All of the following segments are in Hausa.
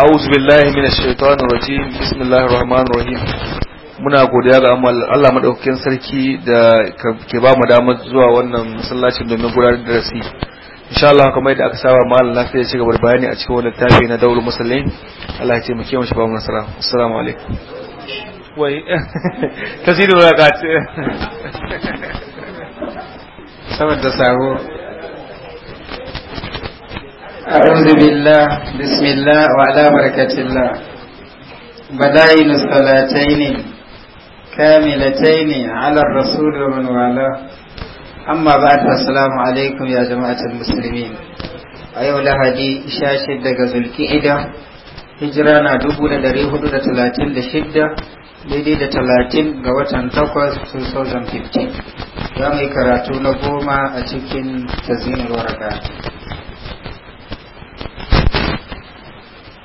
أعوذ بالله من الشيطان الرجيم بسم الله الرحمن الرحيم muna godiya ga Allah madaukakin sarki da ke ba mu damar zuwa wannan masallacin domin gudanar da rasi insha Allah kamar yadda aka saba malam lafiya ci gaba da bayani a cikin wannan tafi na daulul musallin Allah ya taimake mu shi ba mu nasara assalamu alaikum wai أعوذ بالله بسم الله وعلى بركة الله بدائل الصلاتين كاملتين على الرسول ومن والاه أما بعد السلام عليكم يا جماعة المسلمين أيها الهدي شاشد دقز الكئدة هجرانا na dubu da dari hudu da talatin da shidda daidai da talatin ga watan takwas 2015 za mu yi karatu na goma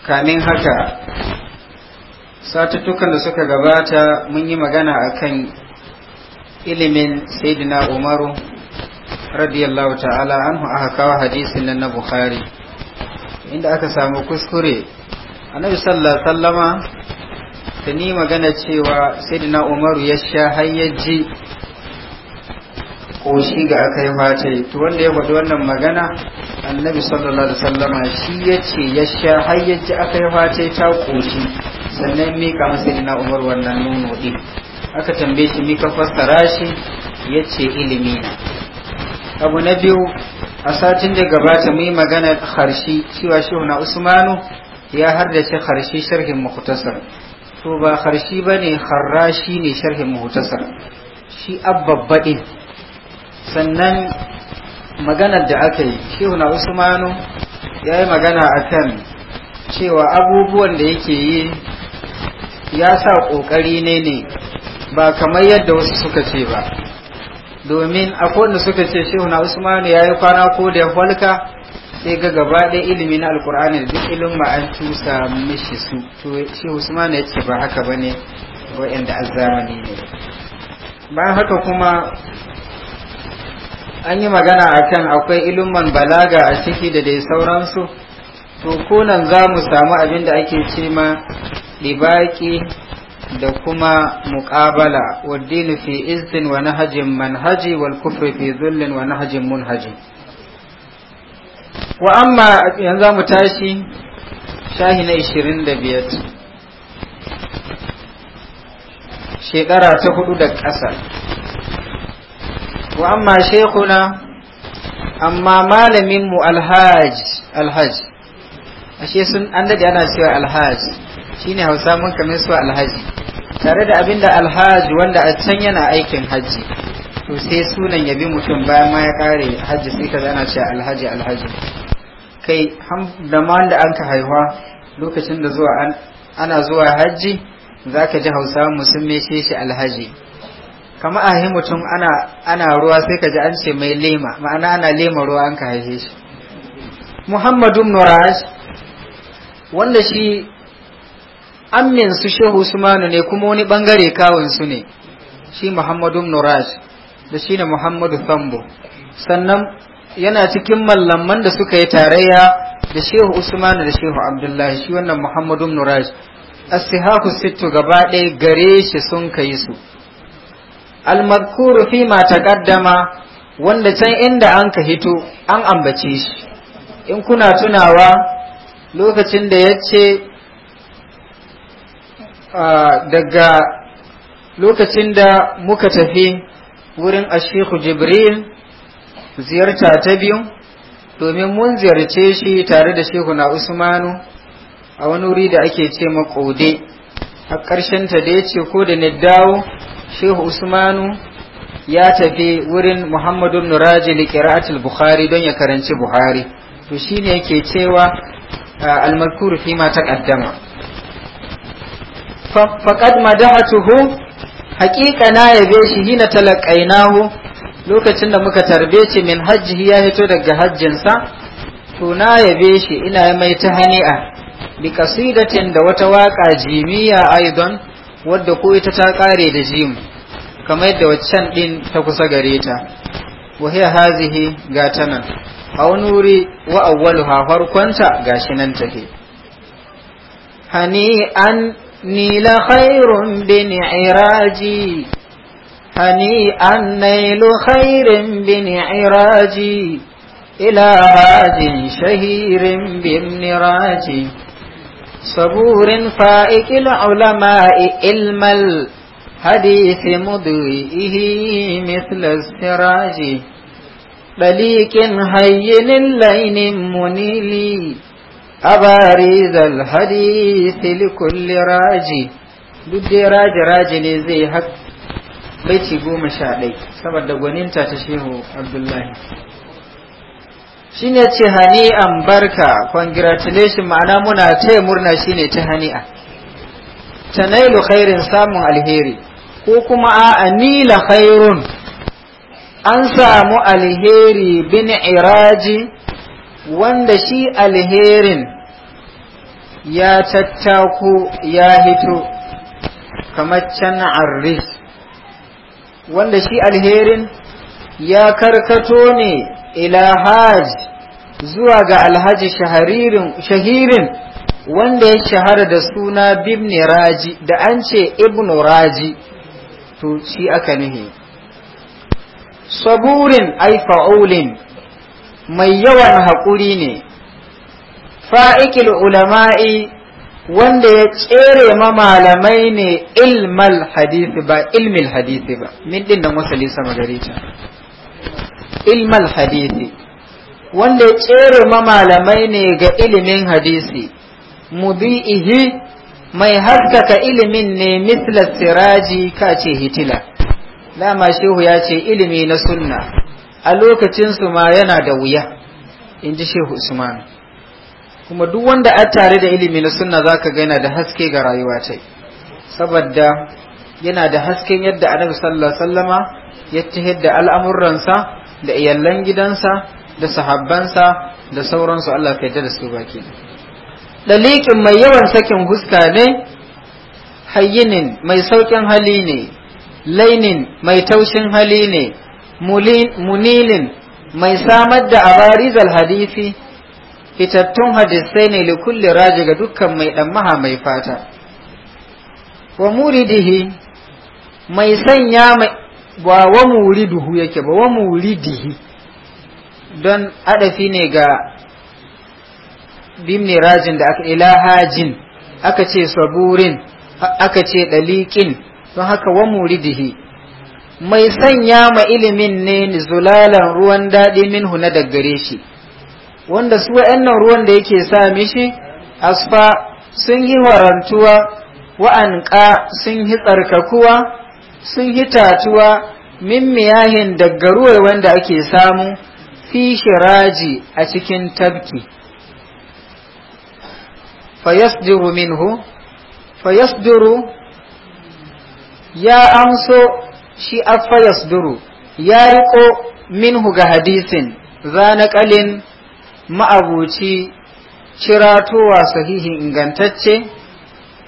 kamin haka satuttukan da suka gabata mun yi magana akan ilimin saidina umaru radiyallahu ta'ala anhu aka kawo hadisin nan na bukhari inda aka samu kuskure annabi sallallahu sallama ta ni magana cewa saidina umaru ya sha hayyaji shi ga aka yi mata to wanda ya faɗi wannan magana annabi sallallahu alaihi sallama shi ya ce ya sha har ya aka yi mata ta koshi sannan mika masa na umar wannan nono ɗin aka tambaye shi mika fassara shi ya ce ilimi na abu na biyu a satin da gabata mu yi magana harshi cewa shi na usmanu ya hardace harshi sharhin muhtasar to ba harshi bane ne ne sharhin muhtasar shi abbabba'in sannan maganar da aka yi shehuna usmanu ya yi magana a kan cewa abubuwan da yake yi ya sa ƙoƙari ne ne ba kamar yadda wasu suka ce ba domin akwai wanda suka ce shehuna usmanu ya yi kwana ko da ya falka sai ga gaba ɗaya ilimi na alkur'ani da duk ilimin an tusa mishi su to shi usmanu ya ce ba haka ba ne wa'anda azzamani ne bayan haka kuma an yi magana a kan akwai ilimin balaga a ciki da dai sauransu to kunan za mu samu abin da ake ce ma ɗibaƙi da kuma muƙabala waddini fi izin wa nahajin manhaji wal kufri fi zullin wa nahajin munhaji wa amma yanzu mu tashi shahi na 25 shekara ta hudu da ƙasa wa amma shekuna amma malaminmu alhaj ashe sun an daɗe ana cewa alhaj shine hausa mun kamar su alhaji tare da abinda alhaji wanda a can yana aikin hajji to sai sunan ya bi mutum bayan ma ya kare hajji sai ka ana cewa alhaji alhaji kai da ma wanda an ka haihuwa lokacin da zuwa ana zuwa hajji za ka ji hausa sun ce shi alhaji kama a yi mutum ana ruwa sai ka ji an ce mai lema ma'ana ana lema ruwa an ka haife shi muhammadu nuraj wanda shi amin su shehu usmanu ne kuma wani bangare kawunsu ne shi muhammadu nuraj da shi ne muhammadu sambo sannan yana cikin mallaman da suka yi tarayya da shehu usmanu da shehu abdullahi shi wannan muhammadu nuraj asihaku sittu gaba ɗaya gare shi sun kai su almadhkuru fi ma taqaddama wanda can inda an ka hito an ambace shi in kuna tunawa lokacin da yace daga lokacin da muka tafi wurin shehu jibril ziyarta ta biyu domin mun ziyarce shi tare da shehu na usmanu a wani wuri da ake ce maƙode a ƙarshen ta da ya ce ko da na dawo shehu usmanu ya tafi wurin muhammadu nurajili kira'atul bukhari don ya karanci buhari to shine yake cewa almakuru fi ma taqaddama faqad madahatuhu haƙiƙa na yabe shi hina talaqainahu lokacin da muka tarbe shi min hajji ya hito daga hajjinsa to na yabe shi ina mai ta hani'a bi kasidatin da wata waƙa jimiya aidon wadda ko ita ta kare da jim kamar yadda waccan din ta kusa gare ta wa hiya hazihi ga ta nan a wani wuri wa awwaluha farkonta gashi nan take hani an nila khairun bin iraji hani an nailu khairin bin iraji ila hadin shahirin bin iraji صبور فائق العلماء علم الحديث مضيئه مثل السراج بليك هين اللين منيلي أباريز الحديث لكل راجي بدي راج راج نزي حق بيتي قوم شعلي سبب دقونين تاتشيه عبد الله shine ce hani'an barka congratulation ma'ana muna ce murna shine ta hani'a tanailu khairin samun alheri ko kuma a anila khairun an samu alheri bin iraji wanda shi alherin ya tattaku ya hito kamar can arris wanda shi alherin ya karkato ne ila zuwa ga alhaji shahirin wanda ya shahara da suna bibni raji da an ce ibnu raji to shi aka nihi saburin ai mai yawan haƙuri ne fa'ikil ulama'i wanda ya tsere ma malamai ne ilmal hadisi ba ilmil hadisi ba min din nan wasali sama ta ilmal hadisi wanda ya tsere malamai ne ga ilimin hadisi mubi'ihi mai haskaka ilimin ne misla siraji kace hitila dama shehu ya ce ilimi na sunna a lokacinsu ma yana da wuya in ji shehu usman kuma duk wanda a tare da ilimi na sunna zaka ga yana da haske ga rayuwa ta saboda yana da hasken yadda annabi sallallahu alaihi wasallama ya tahidda al'amuransa da iyallan gidansa da sahabbansa da sauransu Allah ka ta da su baki Dalikin mai yawan sakin huska ne hayyinin mai saukin hali ne lainin mai taushin hali ne munilin mai samar da abarizal hadisi fitattun hadisai ne likulli raji ga dukkan mai maha mai fata wa muridihi mai sanya ba wa muriduhu yake ba wa muridihi don adafi ne ga bimni rajin da aka ilahajin aka ce saburin aka ce dalikin don haka wa muridihi mai sanya ma ilimin ne zulalan ruwan daɗi minhu na daggare shi wanda su wa'annan ruwan da yake sa mishi asfa sun yi warantuwa wa'anƙa sun yi tsarkakuwa sun yi tatuwa min miyahin daga ruwan wanda ake samu fi shiraji a cikin tabki fayasduru minhu fayasduru ya amso shi a fayasduru ya riko minhu ga hadisin zanakalin ma'abuci ciratowa sahihin ingantacce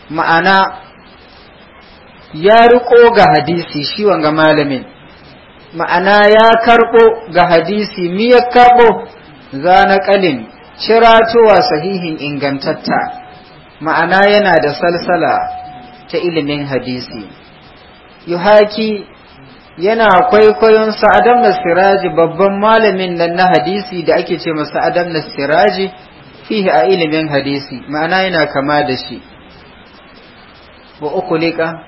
ma'ana ya riko ga hadisi shi wanga malamin ma'ana ya karɓo ga hadisi mi ya karbo zana kalin ciratuwa sahihin ingantatta ma'ana yana da salsala ta ilimin hadisi yuhaki yana kwaikwayon sa'adam na siraji babban malamin nan na hadisi da ake ce masa adam na siraji fihi a ilimin hadisi ma'ana yana kama da shi wa ukulika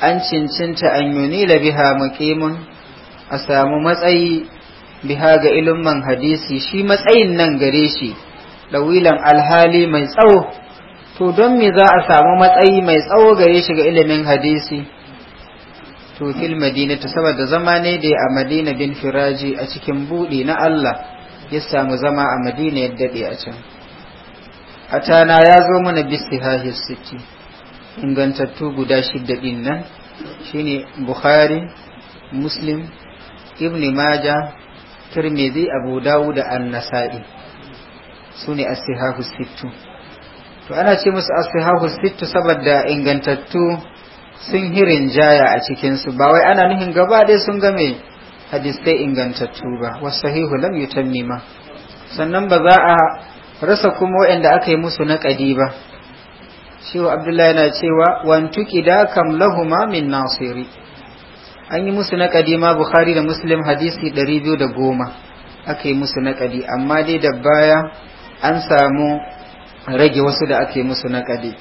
an cincinta an yunila biha muqimun a samu matsayi biha ga ilimin hadisi shi matsayin nan gare shi dawilan alhali mai tsawo to don me za a samu matsayi mai tsawo gare shi ga ilimin hadisi to fil ta saboda zama ne da a madina bin firaji a cikin buɗe na Allah ya samu zama a madina ya daɗe a can atana ya zo mana bisihahi sittin ingantattu guda shidda din nan shine bukhari muslim ibni maja tirmidhi abu dawud da an-nasa'i sune as-sihahu sittu to ana ce musu as-sihahu sittu saboda ingantattu sun hirin jaya a cikin su ba wai ana nuhin gaba ɗaya sun game hadisai ingantattu ba was-sahihu lam yutammima sannan ba za a rasa kuma waɗanda aka yi musu na ƙadi ba cewa abdullahi yana cewa wantu da kam lahuma min nasiri an yi musu naƙadi ma bukhari da muslim hadisi 210 aka yi musu naƙadi amma dai da baya an samu rage wasu da aka yi musu naƙadi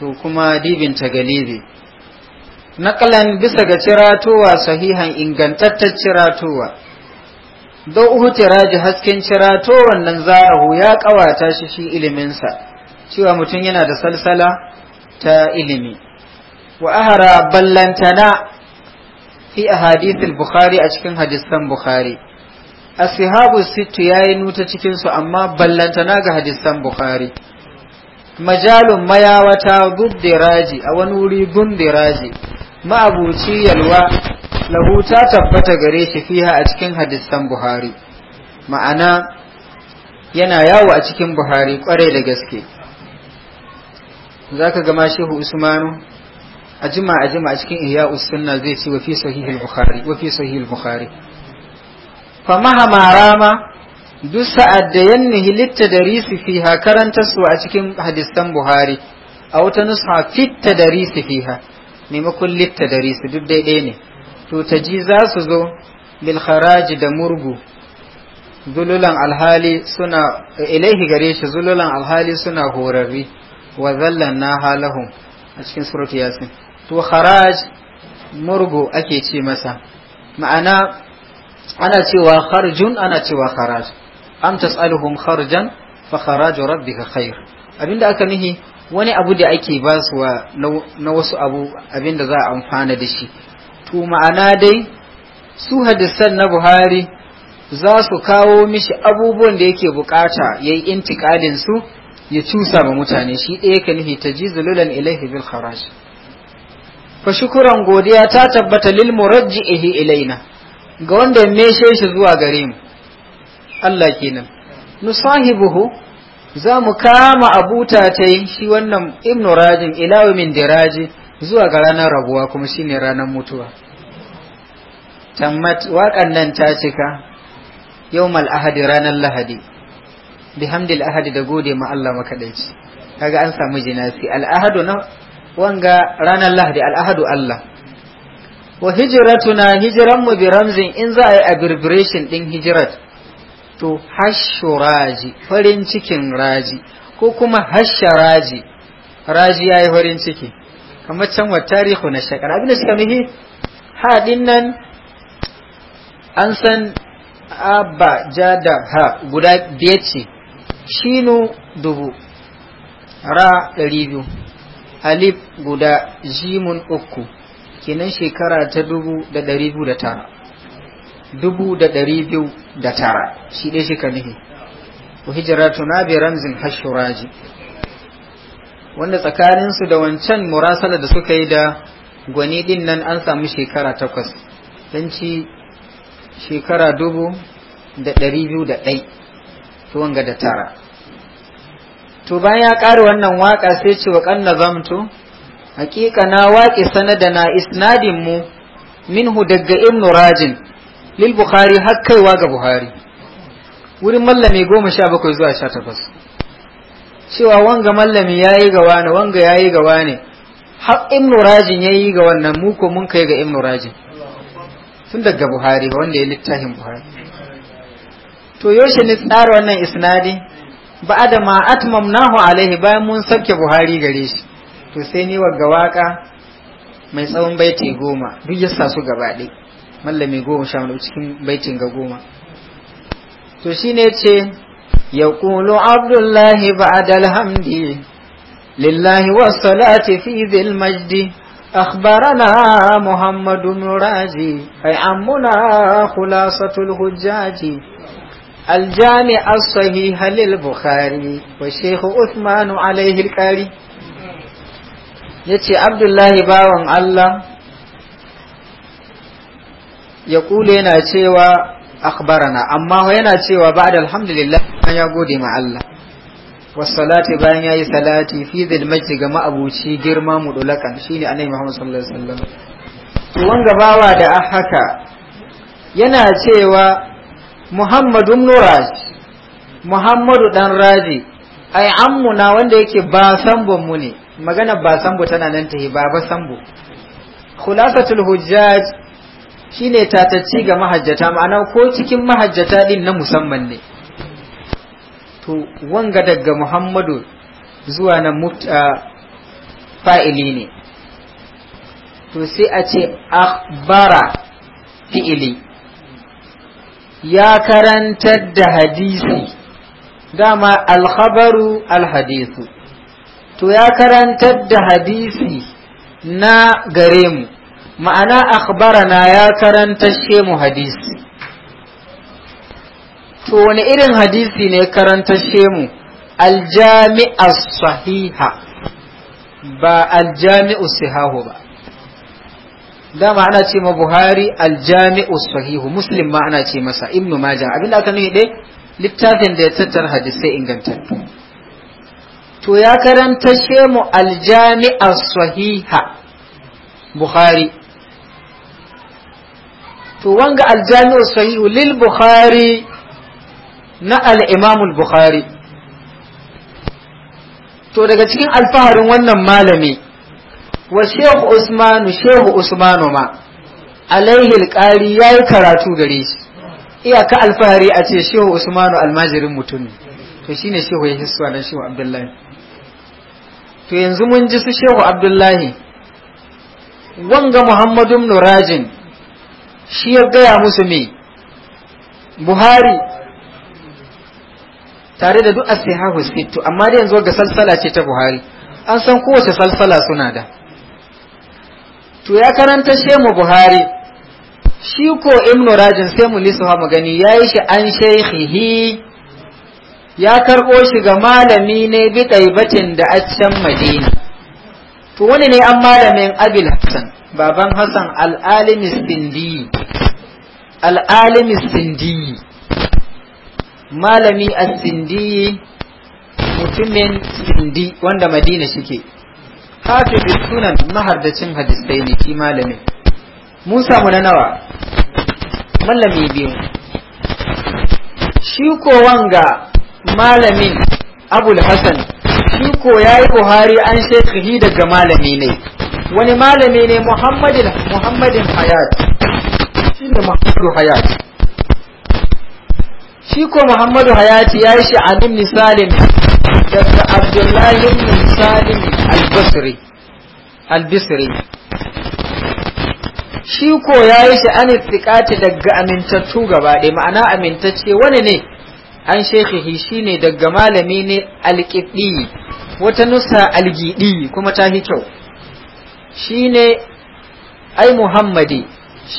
to kuma dibin tagalibi Nakalan bisa ga ciratowa sahihan ingantattar ciratowa don uhu tiraji hasken ciratowan wannan zarahu ya ƙawata shi shi iliminsa cewa mutum yana da salsala ta ilimi wa ahara ballantana fi ahadithil bukhari a cikin hadisan bukhari ashabu sittu yi nuta cikinsu su amma ballantana ga hadisan bukhari majalun mayawata gubdiraji a wani wuri gundiraji ma'abuci yalwa lahu ta tabbata gare shi fiha a cikin hadisan buhari ma'ana yana yawo a cikin buhari kwarai da gaske za ka gama shehu usmanu a jima a jima a cikin iya usunna zai ce wa fi sahihul bukhari wa fi sahihul bukhari fa mahama rama duk sa'ad da risi fi fiha karanta su a cikin hadisan buhari a wata nusha fitta darisi fiha maimakon risi duk daidai ne to taji za su zo bil kharaji da murgu zululan alhali suna ilaihi gare shi zululan alhali suna horarri wa na halahum a cikin suratu yasin to kharaj murgo ake ce masa ma'ana ana cewa kharjun ana cewa kharaj am tas'aluhum kharjan fa kharaju rabbika khair abinda aka nihi wani abu da ake ba su na wasu abu abinda za a amfana da shi to ma'ana dai su hadisan na buhari za su kawo mishi abubuwan da yake bukata ya yi su ya cusa ma mutane shi ɗaya ka nufi ta ji zululan ilaihi bil kharaj fa shukuran godiya ta tabbata lil murajjihi ilaina ga wanda ya meshe shi zuwa gare mu Allah kenan nusahibuhu za mu kama abuta ta yi shi wannan ibnu rajin ila min diraji zuwa ga ranar rabuwa kuma shine ranar mutuwa tammat waƙan nan ta cika yawmal ahadi ranar lahadi bihamdil ahadi da gode ma Allah makadaici kaga an samu jinasi al na wanga ranar lahadi al Allah wa hijiratuna hijran mu bi ramzin in za a yi abbreviation din hijrat to Raji farin cikin raji ko kuma hasharaji raji yayi farin ciki kamar can wa tarihu na shakar abin da suka mihi haɗin nan an san abba jada ha guda biyar ce shinu dubu ra ɗari biyu alif guda jimun uku kenan shekara ta dubu da ɗari biyu da tara dubu da ɗari biyu da tara shi ɗaya shi ka nufi hijiratuna bi ramzin hashuraji wanda tsakaninsu da wancan murasala da suka yi da gwani din nan an samu shekara takwas don ci shekara dubu da ɗari biyu da ɗai wanga da tara to bayan ya ƙara wannan waƙa sai ce wa kan nazamtu haƙiƙa na waƙe na isnadin mu minhu daga ibn rajin lil bukhari har kaiwa ga buhari wurin mallami goma sha bakwai zuwa sha takwas cewa wanga mallami ya yi ga wani wanga ya yi ga wani har ibn rajin ya yi ga wannan mu ko mun kai ga ibn rajin tun daga buhari wanda ya littafin buhari to yaushe ne tsara wannan isnadi ba da ma nahu alaihi bayan mun sauke buhari gare shi to sai ni wa gawaka mai tsawon baiti goma duk yasa su gaba ɗai mallami goma sha wani cikin baitin ga goma to shine ce ya kulu abdullahi ba'da alhamdi lillahi wassalati fi dhil majdi أخبرنا محمد راجي أي عمنا خلاصة الحجاج Aljami الجامع الصحيح للبخاري وشيخ عثمان عليه القاري yace abdullahi bawan Allah ya kule yana cewa akhbarana amma yana cewa ba'da alhamdulillah ya gode ma Allah wasalati salati fi zil majdi ga ma'abuci girma mudulakan shine annabi Muhammad sallallahu alaihi wasallam to da haka yana cewa Muhammadu ibn Muhammadu dan Razi ai na wanda yake ba sambo mu ne magana ba sambo tana nan ta ba ba sambo khulasatul hujjaj shine tatacci ga mahajjata ma'ana ko cikin mahajjata ɗin na musamman ne to wanga daga Muhammadu zuwa na fa'ili ne to sai a ce akhbara fi'ili ya karantar da hadisi dama alkhabaru alhadisu to ya karantar da hadisi na gare mu ma'ana akhbarana ya karantar she mu hadisi to wani irin hadisi ne karantar she mu aljami'a sahiha ba aljami'u sihahu ba da ana ce ma buhari aljami'u sahihu muslim ma ce masa ibnu majah abin da aka nuna dai littafin da ya tattara hadisai inganta to ya karanta shemu aljami'a sahiha buhari to wanga aljami'u sahihu lil buhari na al-imam buhari to daga cikin alfaharin wannan malami wa shehu usmanu shehu usmanu ma alaihi alƙari ya yi karatu gare shi iyaka alfahari a ce shehu usmanu almajirin mutum to shine shehu ya hisuwa na shehu abdullahi to yanzu mun ji su shehu abdullahi wanga muhammadun nurajin shi ya gaya musu me buhari tare da duk asihahu sittu amma da yanzu ga salsala ce ta buhari an san kowace salsala suna da to ya karanta shemu buhari shi ko ibnu rajin sai mu lissafa mu gani yayi shi an shaykhihi ya karɓo shi ga malami ne bi ɗaibatin da a can madina to wani ne an malamin abil hassan baban hassan al'alimis sindi al'alimis sindi malami a sindi mutumin sindi wanda madina shike bi sunan mahardacin hadisai ne shi malamin mun samu na nawa malami biyu shi ko wanga malamin abul hasan shi ko ya yi buhari an shekhi daga malami ne wani malami ne muhammadin muhammadin hayat shi ne muhammadu hayat shi ko muhammadu hayati ya yi shi alim misalin daga abdullahi bin salim al-basri al-basri shi ko yayi shi an ittiqati daga amintattu gaba ɗaya ma'ana amintacce wani ne an shekhihi shine daga malami ne alƙiɗi wata nusa algiɗi kuma ta fi kyau ne ai muhammadi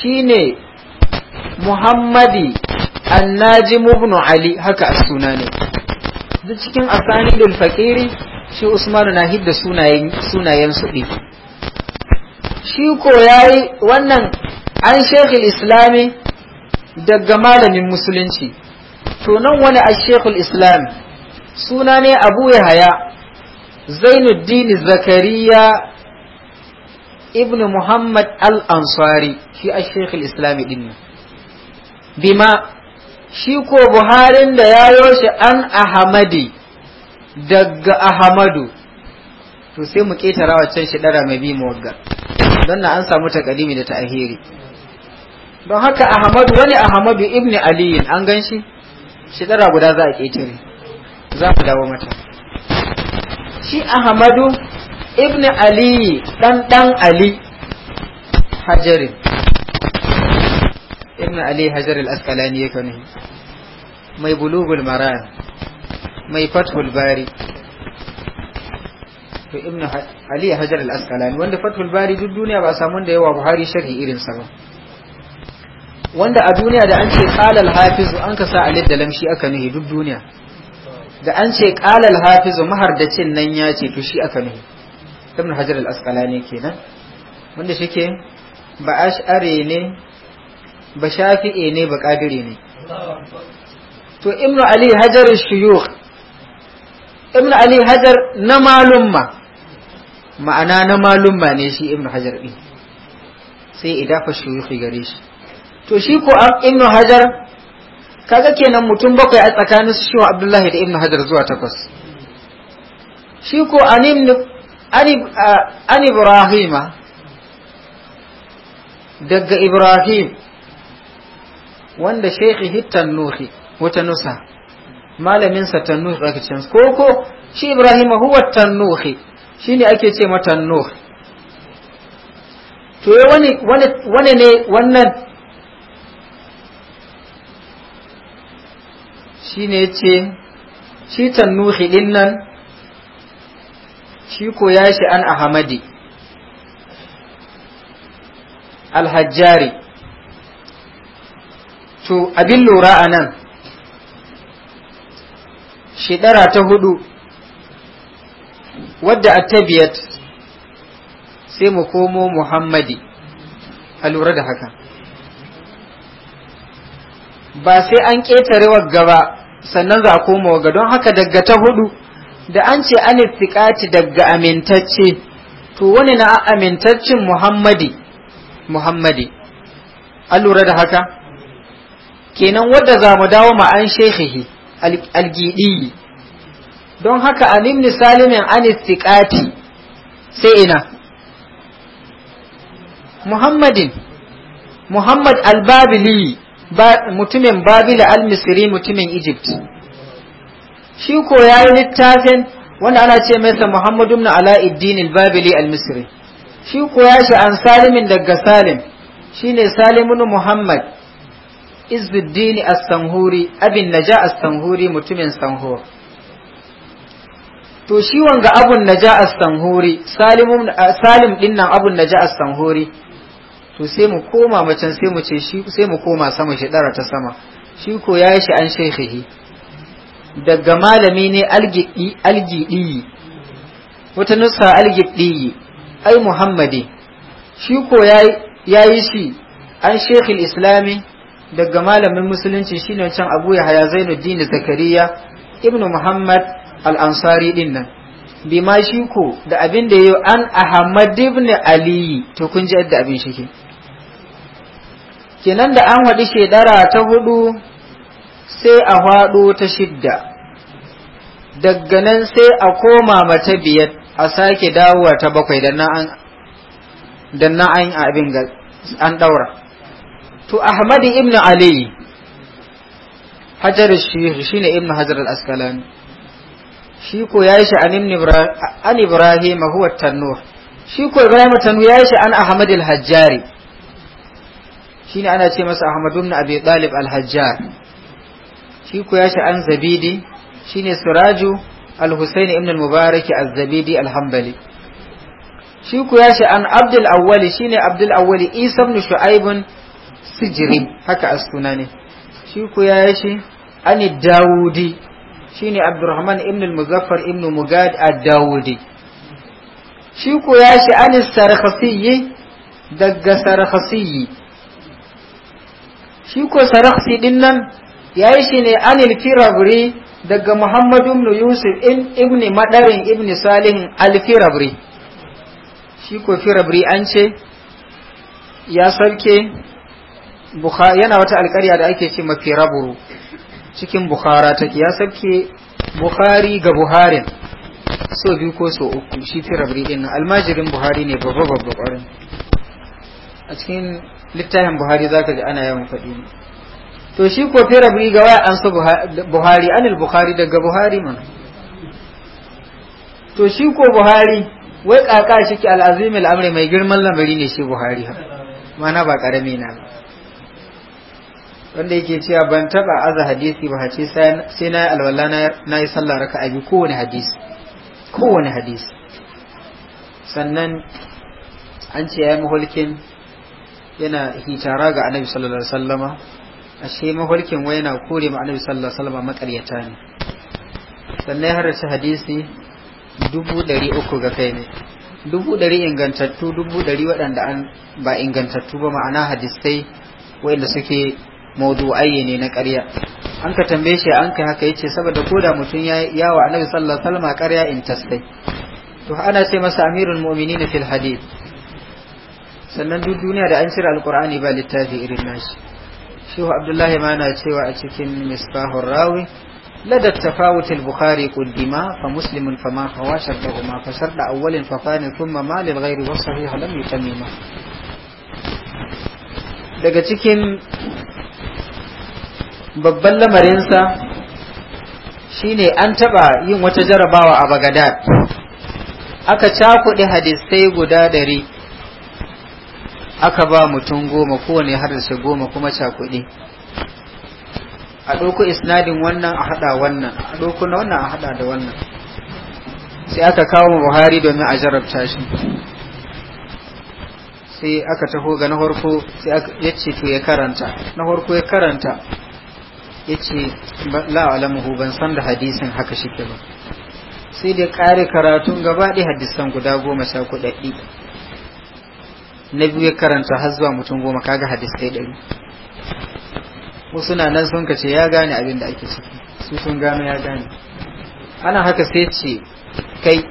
shine muhammadi annaji ibn ali haka a suna ne da cikin asanidul fakiri shi usmanu na hidda sunayen sunayen su shi ko yayi wannan an shekul islami daga malamin musulunci to nan wani a shekul islam suna ne abu yahaya zainuddin zakariya ibn muhammad al-ansari shi a shekul islami ɗin bima shi ko buharin da ya shi an ahamadi daga ahamadu to sai mu ƙetara waccan shi ɗara mai bi muwagga don na an samu takalimi da ta'ahiri don haka ahamadu wani ahamadu ibni aliyin an gan shi shi ɗara guda za a ƙetare za mu dawo mata shi ahamadu ibni aliyi ɗan ɗan ali hajarin ibn ali hajar al-asqalani yake ne mai bulugul maram mai fathul bari to ibn ali hajar al-asqalani wanda fathul bari duk duniya ba samu da yawa buhari sharhi irin sa ba wanda a duniya da an ce qala al-hafiz an ka sa alif da lamshi aka nuhi duk duniya da an ce qala al-hafiz mahardacin nan ya ce to shi aka nuhi ibn hajar al-asqalani kenan wanda shike ba ash'ari ne ba shafi'e ne ba kadiri ne to ibnu ali hajar shuyukh ibnu ali hajar na malumma ma'ana na malumma ne shi ibnu hajar din sai idafa shuyukhi gare shi to shi ko ibnu hajar kaga kenan mutum bakwai a tsakanin su shi wa abdullahi da ibnu hajar zuwa takwas shi ko an ibrahima daga ibrahim wanda shekhi hittan nuhi wata nusa malaminsa tannuhi ake ce ko ko shi ibrahim huwa tannuhi shine ake ce mata nuhi to ya eh, wani wani ne wannan shine ce shi tannuhi din nan shi ko ya shi an ahamadi al-hajjari to abin lura a nan shekara ta hudu wadda a tabiyat sai mu komo muhammadi a lura da haka ba sai an ƙetarewar gaba sannan za a komo ga don haka daga ta hudu da an ce an daga amintacce to wani na amintaccen muhammadi muhammadi an lura da haka kenan wadda za mu dawo ma an shekhihi algidi. don haka an ibn salimin an istiqati sai ina muhammadin muhammad albabili mutumin babila al mutumin egypt shi ko ya yi littafin wanda ana ce masa muhammadu na ala'iddin al-babili al shi ko ya shi an salimin daga salim shine salimun muhammad izuddini as-sanhuri abin naja as-sanhuri mutumin sanhur to shi wanga abun naja as-sanhuri salim uh, salim dinnan abun naja as-sanhuri to sai mu koma mace sai mu ce shi sai mu koma sama shi dara ta sama shi ko yayi shi an shaykhihi daga malami ne algidi algidi wata nusa algidi ai muhammadi shi ko yayi yayi shi an shaykhul islami daga malamin musulunci shine can abu ya haya zainuddin zakariya Ibnu muhammad al-ansari din nan bi ma shi ko da abin da yayi an ahmad ibn ali to kun ji yadda abin shi ke kenan da an wadi shedara ta hudu sai a hwado ta shidda daga nan sai a koma mata biyar a sake dawowa ta bakwai dan nan an abin an ɗaura to Ahmad ibn Ali Hajar shi ne ibn Hajar al-Asqalani shi ko yayi shi an ibn an Ibrahim huwa Tanur shi ko Ibrahim Tanur yayi shi an Ahmad al-Hajjari shine ana ce masa Ahmad ibn Abi Talib al-Hajjar shi ko yayi shi an Zabidi shine Suraju al-Husayn ibn al-Mubarak al-Zabidi al-Hanbali shi ko yayi shi an Abdul Awwali shine Abdul Awwali Isa ibn Shu'aib sijirin haka astuna ne shi ku ya shi ani dawudi shine abdurrahman ibn al-muzaffar ibn mugad ad-dawudi shi ku ya shi ani sarkhasiyyi daga sarkhasiyyi shi ko sarakhsi din nan yi shi ne anil firabri daga muhammadu ibn yusuf ibn madarin ibn salihin al-firabri shi ko firabri an ce ya sarke yana wata alƙarya da ake ce mafi raburu cikin bukhara ta ya sabke bukhari ga buharin so biyu ko so uku shi fi rabri din almajirin buhari ne babba babba ƙwarin a cikin littafin buhari za ka ji ana yawan faɗi ne to shi ko fi rabri ga waya an so buhari anil buhari daga buhari man to shi ko buhari wai ƙaƙa shi ke al'azimil amri mai girman lamari ne shi buhari ha mana ba ƙarami na ba wanda yake cewa ban taba aza hadisi ba hace sai na alwala na yi sallah raka abi kowane hadisi kowane hadisi sannan an ce ya yi mahulkin yana hitara ga annabi sallallahu alaihi wasallama ashe mahulkin wai yana kore ma annabi sallallahu alaihi wasallama makaryata ne sannan ya harace hadisi dubu dari uku ga kai ne dubu dari ingantattu dubu dari waɗanda an ba ingantattu ba ma'ana hadisai waɗanda suke mawdu'ai ne na ƙarya an ka tambaye shi an kai haka yace saboda koda mutum ya yawa annabi sallallahu alaihi wasallam ƙarya in tasai to ana ce masa amirul mu'minin fil hadith sannan duk duniya da an cire alqur'ani ba littafi irin nashi shehu abdullahi ma na cewa a cikin misbahur rawi لدى التفاوت البخاري قدما fa فما هو شرطهما فشرط أول فثاني ثم ما للغير والصحيح لم يتمما daga cikin babban lamarinsa shine an taɓa yin wata jarabawa a bagadad aka cakuɗe hadisai guda dari aka ba mutum goma kowane harshe goma kuma cakuɗe a ɗauko isnadin wannan a haɗa wannan a ɗauko na wannan a haɗa da wannan sai aka kawo mu buhari domin a jarabta shi sai aka taho ga na harko sai ya ce to ya karanta na harko ya karanta yace la alamuhu ban san da hadisin haka shike ba sai da kare karatun gaba hadisan guda goma sha kuɗaɗɗi na biyu ya karanta har zuwa mutum goma kaga hadisai ɗari wasu na nan sun kace ya gane abin da ake ciki su sun gano ya gane ana haka sai ce kai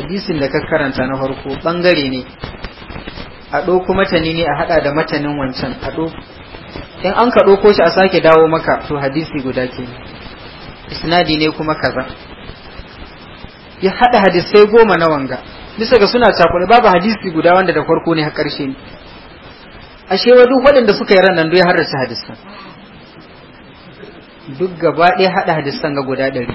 hadisin da ka karanta na farko bangare ne a ɗauko matani ne a haɗa da matanin wancan a ɗauko in an ka ɗauko shi a sake dawo maka to hadisi guda ke isnadi ne kuma kaza ya haɗa hadisai goma na wanga bisa ga suna cakule babu hadisi guda wanda da farko ne har ƙarshe ne ashe shewa duk waɗanda suka yi ranar ya harrasa hadisan duk gaba ɗaya haɗa hadisan ga guda ɗari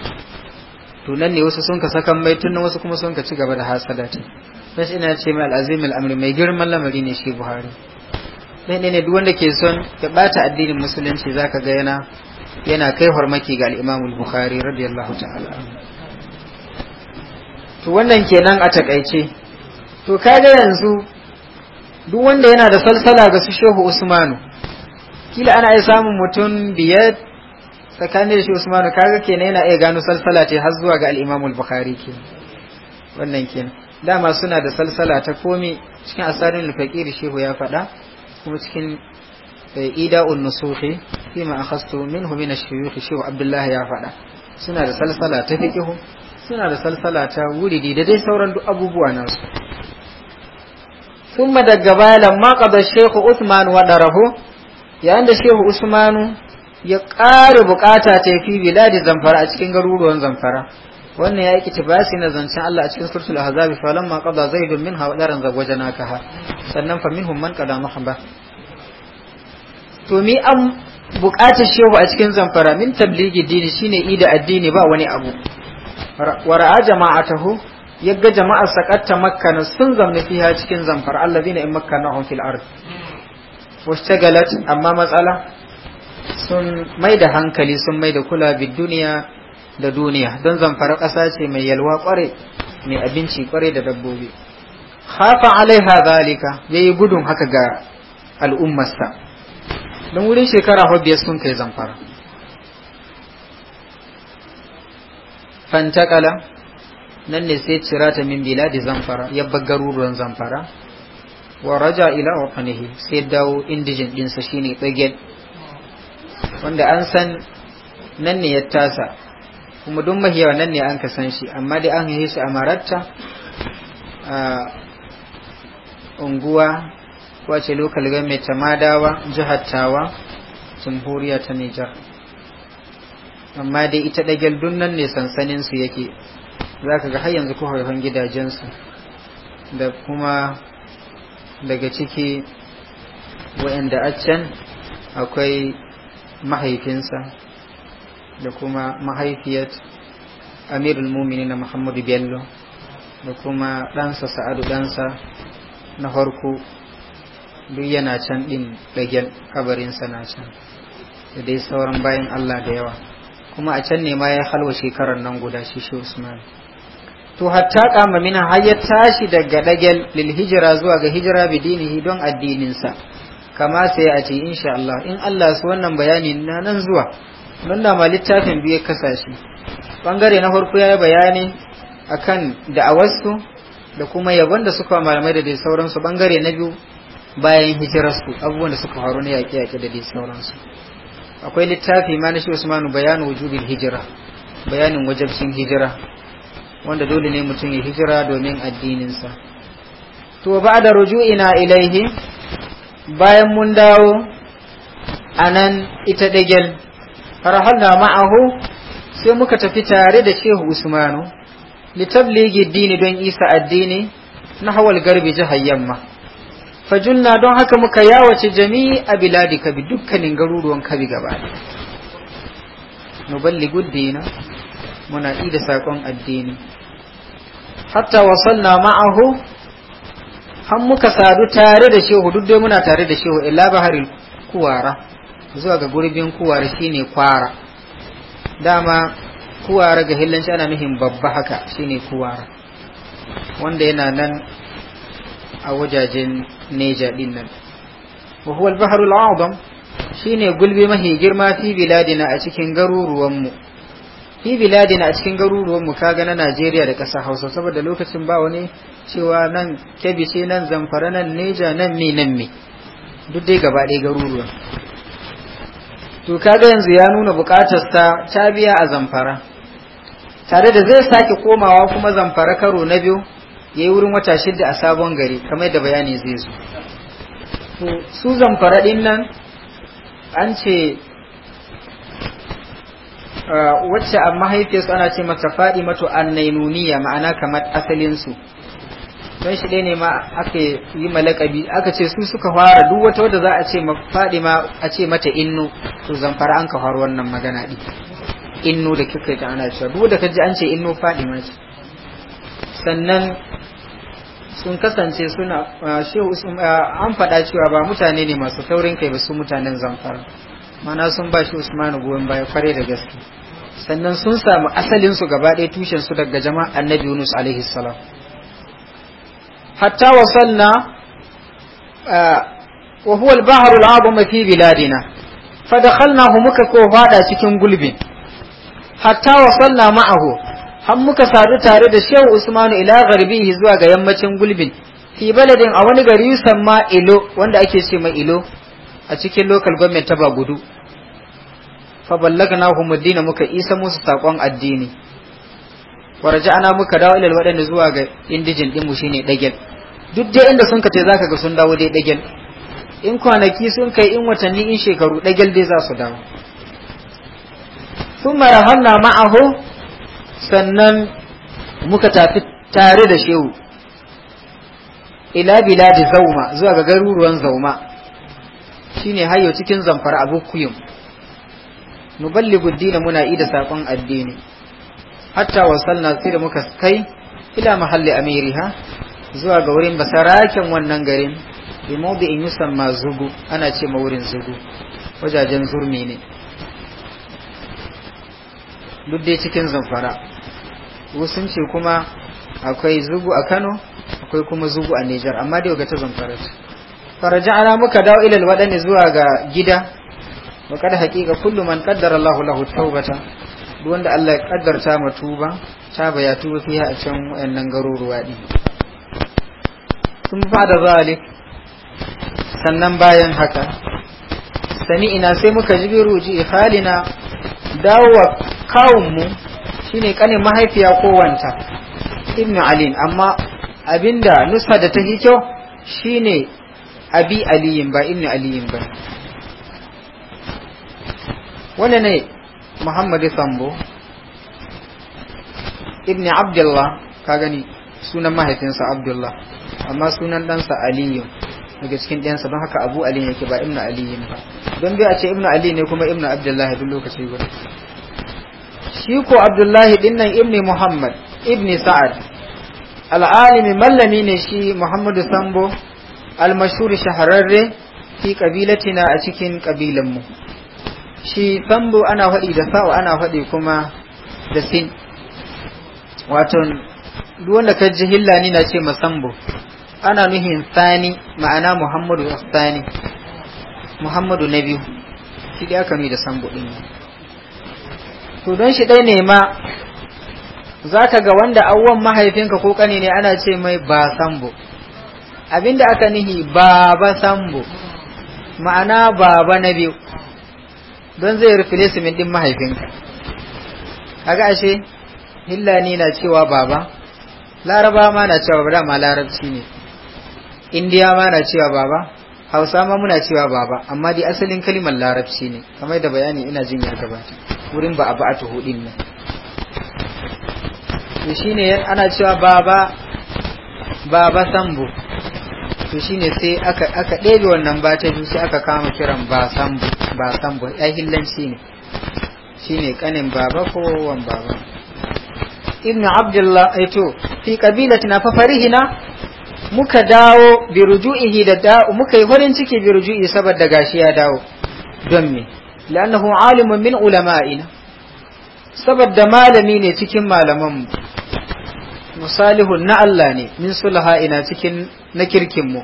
to nan ne wasu sun ka sakan mai tunan wasu kuma sun ka ci gaba da hasada ta ina ce mai al'azim al'amri mai girman lamari ne shi buhari menene duk wanda ke son ya bata addinin musulunci zaka ga yana yana kai hormaki ga al-Imam al-Bukhari radiyallahu ta'ala to wannan kenan a takaice to kaga yanzu duk wanda yana da salsala ga su Shehu Usmanu kila ana iya samun mutum biyar tsakanin da Shehu Usmanu kaga kenan yana iya gano salsala ta har zuwa ga al-Imam al-Bukhari kenan wannan kenan dama suna da salsala ta komi cikin asarin al-faqir Shehu ya faɗa kuma cikin eh, ida'un nusuhi ma akhastu minhu min ash-shuyukh shi Abdullah ya faɗa suna da salsala ta fiqhu suna da salsala ta wuridi da dai sauran duk abubuwa nasu ثم daga baya lamma qada Sheikh Uthman wa darahu yayin da Shehu Usmanu ya ƙara buƙata ta fi biladi zamfara a cikin garuruwan zamfara wannan ya yi kitibasi na zancen Allah a cikin suratul ahzab fa lamma qada zaidun minha wa daran zawwajanakaha sannan fa minhum man qada mahaba to mi an bukatar shehu a cikin zamfara min tabligi dini shine ida addini ba wani abu wa ra'a jama'atahu yagga jama'ar sakatta makkana sun zamna fiha cikin zamfara allazina in makkanahum fil ard washtagalat amma matsala sun mai da hankali sun mai da kula bid duniya da duniya don zamfara ƙasa ce mai yalwa ƙware mai abinci ƙware da dabbobi hafa alaiha zalika ya yi gudun haka ga al'ummarsa don wurin shekara hobiyar sun kai zamfara fantakala nan ne sai cira ta min biladi zamfara ya garuruwan zamfara wa raja ila fanihi sai dawo indijin ɗinsa shine tsagel wanda an san nan ne ya tasa kuma don mahiya wannan ne an kasan shi amma dai an yi su a maratta a unguwa wace lokal game ta madawa jihar tawa jamhuriya ta nijar amma dai ita ɗagel nan ne sansanin su yake za ka ga har yanzu ko kuharfan gidajensu da kuma daga ciki wa'anda a can akwai mahaifinsa da kuma mahaifiyar amirul mumini na muhammadu bello da kuma ɗansa sa'adu ɗansa na harku duk yana can ɗin ɗagen kabarinsa na can da dai sauran bayan allah da yawa kuma a can ne ma ya halwa shekarar nan guda shi shi usman to hatta kama mina har ya tashi daga dagel lil hijira zuwa ga hijira bidinihi don addininsa kama sai a ce insha in Allah su wannan bayani na nan zuwa nuna ma littafin biyu kasashe bangare na farko ya yi bayani akan da'awarsu da kuma yabon da suka malamai da dai sauransu bangare na biyu bayan hijirarsu abubuwan da suka faru na yaƙe-yaƙe da dai sauransu akwai littafi ma na shi usmanu bayanin wujubin hijira bayanin wajabcin hijira wanda dole ne mutum ya hijira domin addininsa to ba da ruju'ina ilaihi bayan mun dawo a nan ita dagel rahalna ma'ahu sai muka tafi tare da shehu usmanu litabligi dini don isa addini na hawal garbi jihar yamma fajunna don haka muka yawace jami'a biladi kabi dukkanin garuruwan kabi gaba nuballigu guddina muna ida saƙon addini hatta wasanna ma'ahu har muka sadu tare da shehu duk dai muna tare da shehu illa baharil kuwara zuwa ga gurbin kuwar shine kwara dama kuwara ga hillanci ana nuhin babba haka shine kuwara wanda yana nan a wajajen neja din nan wa huwa al al shine gulbi mahi girma fi biladina a cikin garuruwan fi biladina a cikin garuruwan mu kaga na Najeriya da ƙasa Hausa saboda lokacin ba wani cewa nan kebi ce nan Zamfara nan Neja nan me nan me duk dai gaba ɗaya garuruwan to kaga yanzu ya nuna bukatar ta biya a zamfara tare da zai sake komawa kuma zamfara karo na biyu yayi wurin wata shida a sabon gari kamar da bayani zai zo su zamfara din nan an ce uh, wacce a mahaifiyarsu ana ce mata faɗi mato annainuniya ma'ana kamar asalinsu don shi ne ma aka yi malakabi aka ce su suka fara duk wata wadda za a ce ma a ce mata innu to zamfara an ka wannan magana ɗi innu da kika ta ana cewa duk da kaji an ce innu ma ce sannan sun kasance suna an faɗa cewa ba mutane ne masu taurin kai ba su mutanen zamfara mana sun ba shi usmanu goyon baya kware da gaske sannan sun samu asalinsu gaba ɗaya tushensu daga jama'a annabi yunus alaihi salam hatta wasalna wa huwa al-bahru al-azim fi biladina fadakhalnahu muka ko fada cikin gulbin hatta wasalna ma'ahu har muka sadu tare da Shehu Usmanu ila garbihi zuwa ga yammacin gulbin fi baladin a wani gari samma Ilo wanda ake ce ma Ilo a cikin local government ta Bagudu fa ballagnahu madina muka isa musu saƙon addini ana muka dawo ilal waɗanda zuwa ga indijin ɗinmu shine dagel duk dai inda sun kace zaka ga sun dawo dai ɗagel in kwanaki sun kai in watanni in shekaru ɗagel dai za su dawo sun hanna ma'aho sannan muka tafi tare da shehu ila biladi zauma zuwa ga garuruwan zauma shine hayyo cikin zamfara abu kuyum nuballigu dina muna ida saƙon addini hatta wasanna sai da muka kai ila mahalli amiriha zuwa ga wurin basaraken wannan garin bi mawdi'in yusamma zugu ana ce ma wurin zugu wajajen zurmi ne duk dai cikin zamfara sun ce kuma akwai zugu a Kano akwai kuma zugu a Nijar amma dai ga ta zamfara ana muka dawo ila alwadani zuwa ga gida wa kada haqiqa kullu man qaddara Allahu lahu tawbata duwanda wanda Allah ya kaddarta ma tuba ta baya tuba fiha a can wayannan garuruwa din sun fada zalik sannan bayan haka Sani'ina sai muka ji biruji ikhalina dawowa kawunmu shine kanin mahaifiya ko wanta ibnu alin amma abinda nusa da ta yi kyau shine abi aliyin ba ibnu aliyin ba wannan ne muhammad sambo ibn abdullah ka gani sunan mahaifinsa abdullah amma sunan ɗansa aliyu daga cikin ɗansa don haka abu ali yake ba ibn ali ba don bai a ce ibn ali ne kuma ibn abdullah duk lokaci ba. shi ko abdullahi din nan ibn muhammad ibn sa'ad al'alimi mallami ne shi muhammadu sambo al-mashhur shahararre fi kabilatina a cikin kabilanmu shi sambo ana faɗi da fa'u ana faɗi kuma da sin wato duk wanda ka ji hilla ni na ce masambo ana nuhin sani ma'ana muhammadu sani muhammadu na biyu shi da aka nuhi da sambo ɗin to don shi ɗai ne ma za ka ga wanda awon mahaifinka ko ƙane ne ana ce mai ba sambo abinda aka ba baba sambo ma'ana baba na biyu don zai replacement din mahaifinka kaga ashe hillani na cewa baba laraba ma na cewa baba dama larabci ne indiya ma na cewa baba hausa ma muna cewa baba amma dai asalin kalimar larabci ne kamar da bayani ina jin ya gabata wurin ba a ba a tuhudin nan shi shine ana cewa baba baba sambo to shine sai aka aka ɗebe wannan ba ta biyu sai aka kama kiran ba sambu ba sambu ya hillanci ne shine kanin baba ko wan baba ibnu abdullah aito eh fi qabilatina fa farihina muka dawo bi ruju'ihi da da'u muka yi farin ciki bi ruju'i saboda gashi ya dawo don me lannahu alimun min ulama'ina saboda malami ne cikin malaman mu musalihun na Allah ne min sulha ina cikin na kirkin mu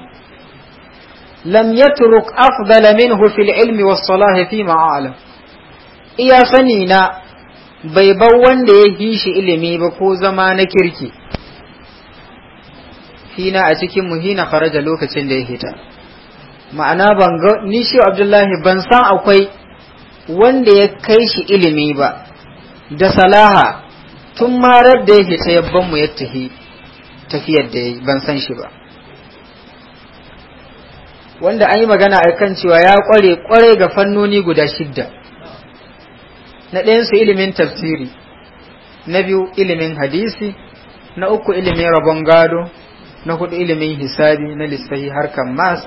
lam yatruk afdala minhu fil ilmi was salahi fi ma'alam iya sani na bai bar wanda ya yi shi ilimi ba ko zama na kirki hina a cikin mu hina faraja lokacin da ya hita ma'ana ban ga ni shi Abdullahi ban san akwai wanda ya kai shi ilimi ba da salaha tun marar da yake ta yabban mu ya tafi tafiyar da ban san shi ba wanda an yi magana a kan cewa ya kware kware ga fannoni guda shidda na ɗayansu ilimin tafsiri na biyu ilimin hadisi na uku ilimin rabon gado na hudu ilimin hisabi na lissahi harkar mas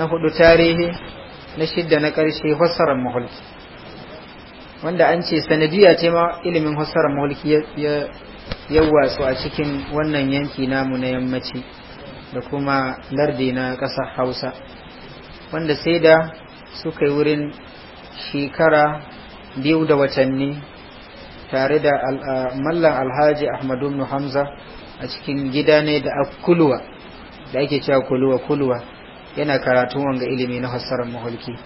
na hudu tarihi na shidda na ƙarshe fassarar mahulki wanda an ce sanadiya ce ma ilimin hasarar mulki ya su a cikin wannan yanki namu na yammaci da kuma lardi na ƙasar hausa wanda sai da suka yi wurin shekara biyu da watanni tare da mallan alhaji ahmadu ibn hamza a cikin gida ne da kuluwa da ake cewa kuluwa kuluwa yana karatun wanga ilimi na hassarar mahulki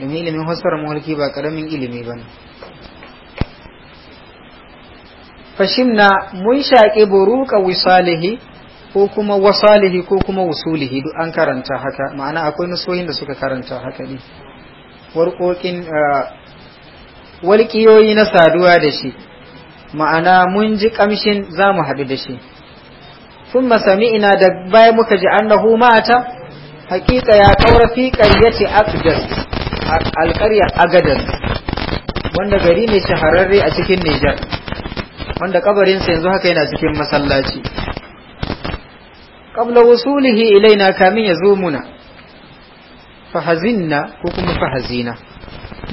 domin ilimin hasar mulki ba karamin ilimi ba ne na mun shaƙe buruka wisalihi ko kuma wasalihi ko kuma wasulihi duk an karanta haka ma'ana akwai nusohin da suka karanta haka ne warƙoƙin walƙiyoyi na saduwa da shi ma'ana mun ji ƙamshin za mu haɗu da shi sun masami ina da bayan muka ji annahu mata haƙiƙa ya kaura fi ƙaryace aqdas alƙarya agadan wanda gari ne shahararre a cikin nijar wanda kabarinsa yanzu haka yana cikin masallaci qabla wusulihi ilaina kamin ya zo muna fahazinna ko kuma fahazina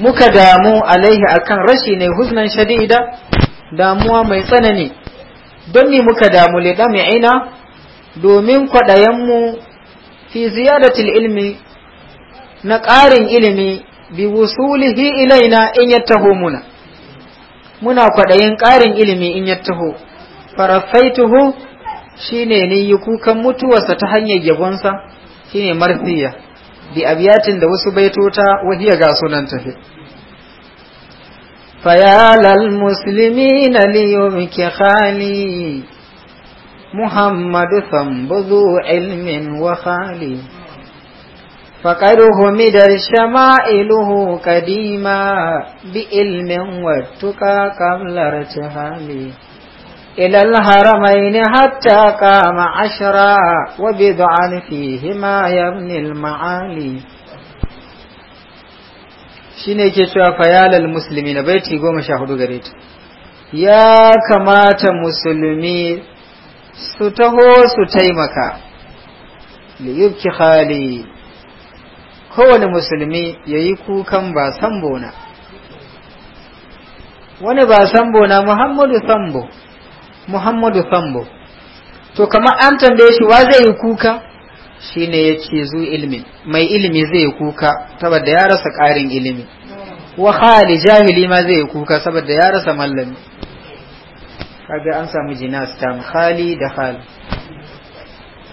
muka damu alaihi akan rashi ne huznan shadida damuwa mai tsanani don ne muka damu aina domin kwaɗayenmu fi ziyadatul ilmi na ƙarin ilimi bi wusulihi ilaina in ya taho muna muna kwaɗayin ƙarin ilimi in ya taho farafaituhu shine ni yi kukan mutuwarsa ta hanyar yabonsa shine marfiya bi abiyatin da wasu baitota wahiya ga sunan tafi muslimina li yumki khali Muhammadu ثم ilmin wa khali Fakaruhu midar shama'iluhu kadima bi ilmin wattuka kamlar jahami ilal haramaini hatta kama ashara wa bid'an fihi yamnil ma'ali shine ke cewa fayalal muslimina baiti 14 gare ta ya kamata musulmi su taho su taimaka ki khali kowane musulmi ya yi kukan ba sambo na wani ba sambo na muhammadu sambo muhammadu sambo to kamar an tambaye shi wa zai yi kuka Shi ne ya ce zu ilmi mai ilmi zai yi kuka saboda ya rasa ƙarin ilmi wa hali jahili ma zai yi kuka saboda ya rasa mallami kaga an samu jinas tam hali da khali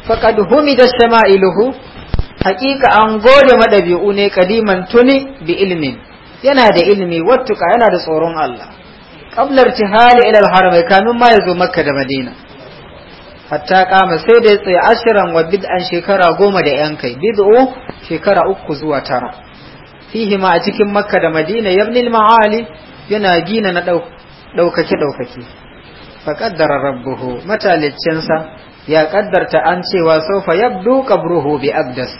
faqad humida shama'iluhu Haƙiƙa an gode maɗabi'u ne kadiman tuni bi ilmin yana da ilmi wattuka yana da tsoron Allah qablar tihali ila al-haram kamin ma yazo makka da madina hatta kama sai da ya tsaye ashiran wa bid'an shekara goma da yan kai bid'u shekara uku zuwa tara fihi ma a cikin makka da madina al ma'ali yana gina na ɗaukake ɗaukake faƙaddara rabbuhu matalicinsa ya ƙaddarta an cewa saufa yabdu qabruhu bi abdas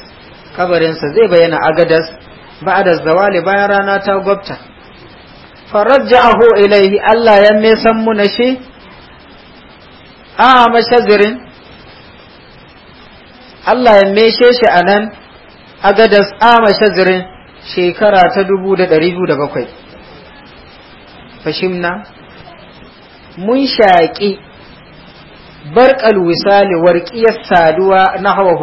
kabarinsa zai bayyana agadas ba'da zawali bayan rana ta gwabta farajja'ahu ilaihi Allah ya mesan mu na shi a Allah ya meshe shi a nan agadas a mashazirin shekara ta dubu da ɗari biyu da bakwai fashimna mun shaƙi barƙal wisali warƙiyar saduwa na hawa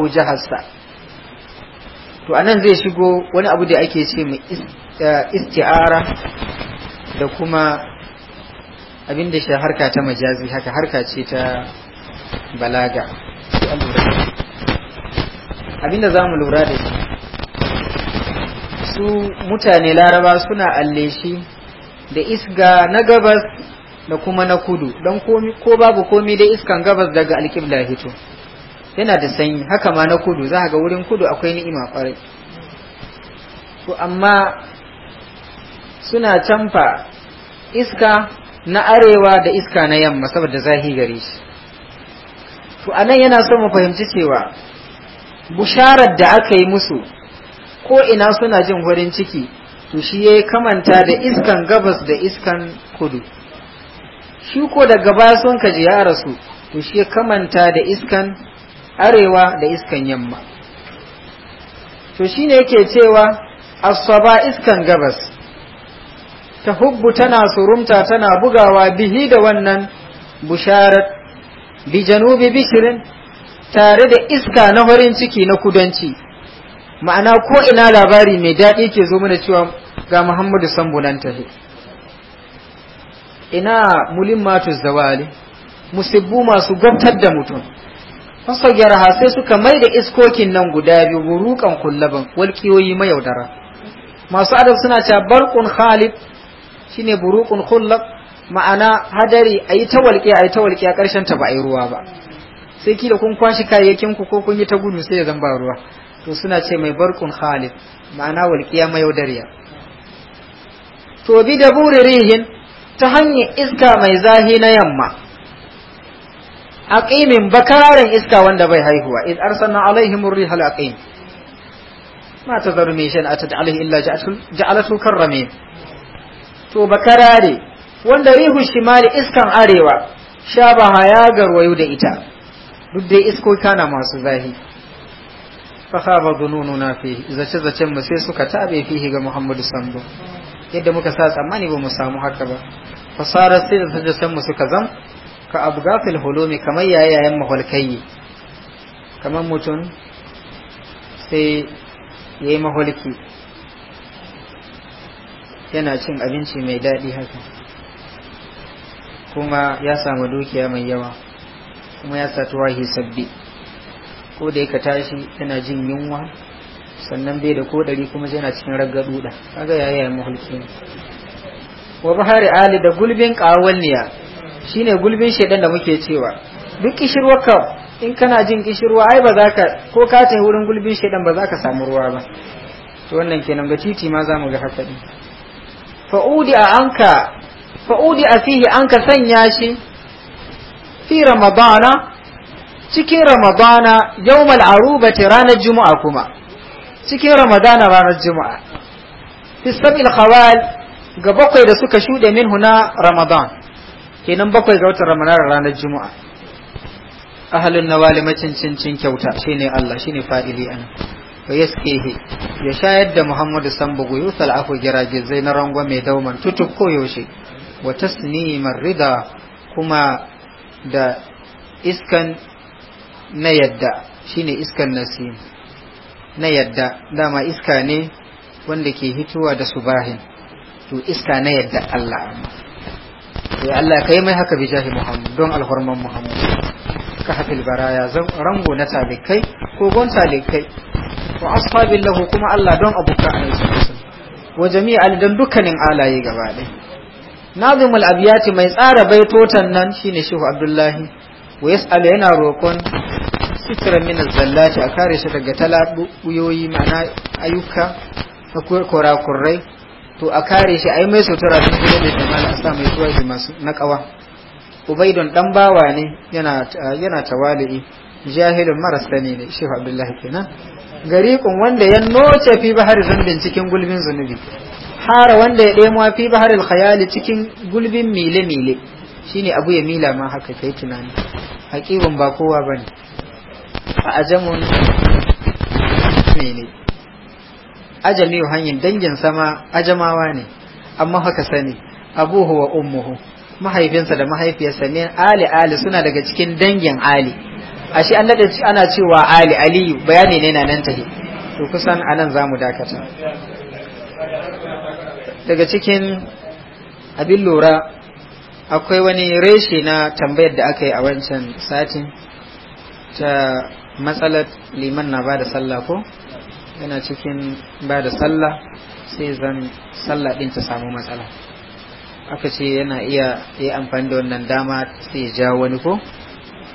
to anan zai shigo wani abu da ake ce mu eh, isti'ara da kuma abin da shi harka ta majazi haka harka ce ta balaga abinda za mu lura da shi su mutane laraba suna alleshi da isga na gabas da kuma na kudu don ko babu komi da iskan gabas daga alkibla hito yana da sanyi haka ma na kudu za ga wurin kudu akwai ni'ima kwarai to amma suna canfa iska na arewa da iska na yamma saboda zahi gare shi to anan yana so mu fahimci cewa busharar da aka yi musu ko ina suna jin wurin ciki to shi ya kamanta da iskan gabas da iskan kudu shi ko daga baya sun kaji ya rasu to shi ya kamanta da iskan arewa da iskan yamma to shine yake cewa asaba iskan gabas ta hubbu tana surumta tana bugawa bihi da wannan busharar bi janubi bishirin tare da iska na farin ciki na kudanci ma'ana ko ina labari mai daɗi ke zo mana cewa ga muhammadu sambu nan tafi ina mulimmatus zawali musibbu masu gwabtar da mutum gyara sai suka mai da iskokin nan guda biyu burukan kullaban walkiyoyi mayaudara masu adab suna cewa barkun khalid shine burukun kullab ma'ana hadari ayi ta a ayi ta a karshen ta ba ayi ruwa ba sai kila kun kwashi kayayyakin ku ko kun yi ta gudu sai ya zan ba ruwa to suna ce mai barkun khalid ma'ana walƙiya mayaudariya to bi da rihin ta hanyar iska mai zahi na yamma aqimin bakararin iska wanda bai haihuwa id arsalna alaihim ar-riha al-aqim ma tazaru min shay'in atat alaihi illa ja'alatu karrami to bakarare wanda rihu shimali iskan arewa shabaha ya garwayo da ita duk dai iskoki kana masu zahi fakhaba dununa fihi zace zacen mu sai suka tabe fihi ga Muhammadu sallallahu yadda muka sa tsammani ba mu samu haka ba fasara sai da san mu suka zam ka abgafil hulumi kamar yayayen mahulkai kamar mutum sai ya yi mahulki yana cin abinci mai daɗi haka kuma ya samu dukiya mai yawa kuma ya sa tuwahi sabbi ko da ya tashi yana jin yunwa sannan bai da kodari kuma yana cikin raggaduda kaga yayayen mahulki ne wa bahari ali da gulbin kawalliya shine gulbin shedan da muke cewa duk kishirwarka in kana jin kishirwa ai ba za ka ko ka tafi wurin gulbin shedan ba za ka samu ruwa ba to wannan kenan ga titi ma za mu ga haka din fa'udi a anka fa'udi a fihi anka sanya shi fi ramadana cikin ramadana yawmal arubati ranar juma'a kuma cikin ramadana ranar juma'a fi sab'il khawal ga bakwai da suka shuɗe min huna ramadan kenan bakwai ga watan ramadan ranar juma'a ahalin nawali macincincin kyauta shine Allah shine fa'ili an wa yaskehi ya shayar da Muhammadu bugu yusal afu girage zai na rangon mai dauman tutuk ko yaushe wa tasnimar rida kuma da iskan na yadda shine iskan nasi na yadda dama iska ne wanda ke hituwa da subahin to iska na yadda Allah Eh, ya Allah kai mai haka jahi Muhammad don alhurman Muhammad ka hafil baraya zan rango na salikai ko gon salikai wa ashabin lahu kuma Allah don abuka annabi sallallahu wa Ali dan dukkanin alaye gaba ɗaya Nazumul abiyati mai tsara baitotan nan shine Shehu Abdullahi wa yas'al yana rokon sitra min zallati a kare shi daga uyoyi ma'ana ayyuka na kurakurai to a kare shi ai mai sutura sun gudu da jama'a a sa mai zuwa shi masu nakawa ubaidun dan bawa ne yana yana tawali'i jahilun maras sani ne shehu abdullahi kenan gariƙun wanda ya noce fi bahar zambin cikin gulbin zunubi hara wanda ya ɗemo fi bahar alkhayali cikin gulbin mile mile shine abu ya mila ma haka kai tunani haƙiƙin ba kowa bane a ajamun ne ajali hanyar dangin sama ajamawa ne amma haka sani abuhu wa ummuhu mahaifinsa da mahaifiyarsa ne ali ali suna daga cikin dangin ali ashe an ana cewa ali Aliyu bayani ne na nan tahi to kusan anan zamu dakata daga cikin abin lura akwai wani reshe na tambayar da aka yi a wancan satin ta matsalar liman na ba da sallah ko yana cikin ba da sallah sai zan sallah ɗin ta samu matsala aka ce yana iya yi amfani da wannan dama sai ja wani ko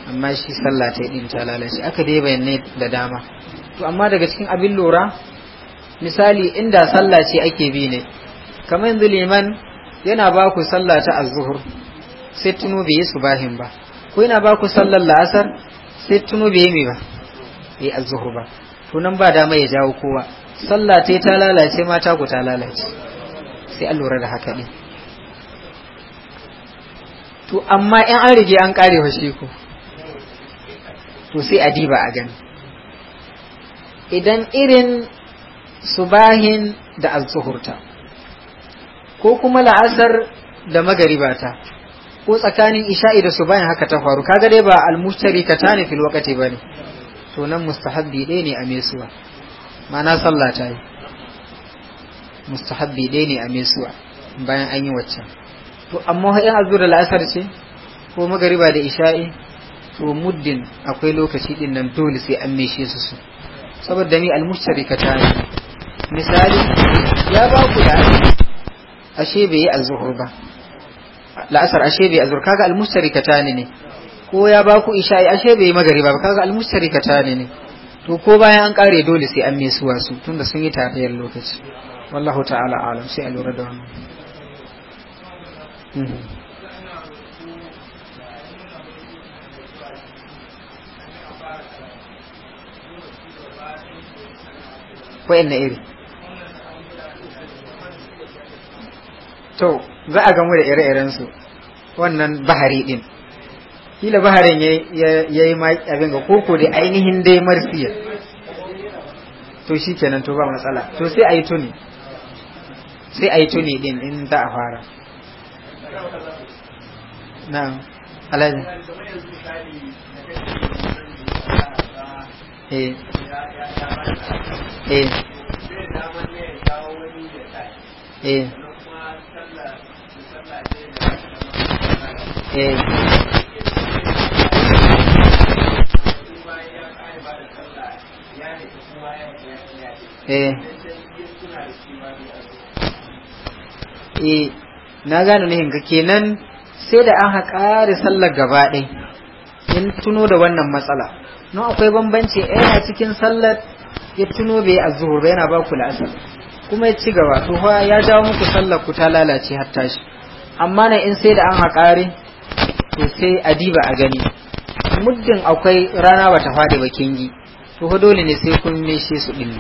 amma shi sallah ta din ta lalace aka dai bayanai da dama to amma daga cikin abin lura misali inda sallah ce ake bi ne kamar yanzu liman yana ba ku sallah ta azuhur sai tuno bai yi bahin ba ko yana ba ku sallar la'asar sai tuno bai yi ba bai azuhur ba to nan ba dama ya jawo kowa sallah ta ta lalace mata ku ta lalace sai an lura da haka ne to amma in an rige an kare fashe ku to sai a diba a gani idan irin subahin da azzuhurta ko kuma la'asar da magaribata ko tsakanin isha'i da subahin haka ta faru kaga dai ba al-mushtarikata ne fil waqti bane to nan mustahabbi ɗaya ne a mesuwa ma'ana sallah ta yi mustahabbi ɗaya ne a mesuwa bayan an yi waccan to amma in azur da la'asar ce ko magariba da isha'i to muddin akwai lokaci din nan dole sai an meshe su su saboda ni almushtarika ta ne misali ya ba ku da ashe bai yi azhur ba la'asar ashe bai azhur kaga almushtarika ta ne ko ya ba ku isha'i ashe bai yi ba kaga almustarikata ne ne to ko bayan an kare dole sai an mesuwa su tunda sun yi tafiyar lokaci wallahu ta'ala alam sai a lura da wannan mhm. wa'anne iri to za a gamu da ire-irensu wannan bahari din kila baharin ya yi abin ga koko da ainihin dai marfiya to shi kenan to ba matsala to sai a yi tuni sai a yi tuni din in za a fara na alaji eh eh eh eh e eh na gane ne ka kenan sai da an haƙa sallar gaba ɗai in tuno da wannan matsala no akwai bambanci yana cikin sallar ya tuno bai a zuhur ba yana ba ku la'asar kuma ya ci gaba to ya jawo muku sallar ku ta lalace har tashi amma na in sai da an haƙari to sai adiba a gani muddin akwai rana bata faɗi ba yi. to fa dole ne sai kun meshe su din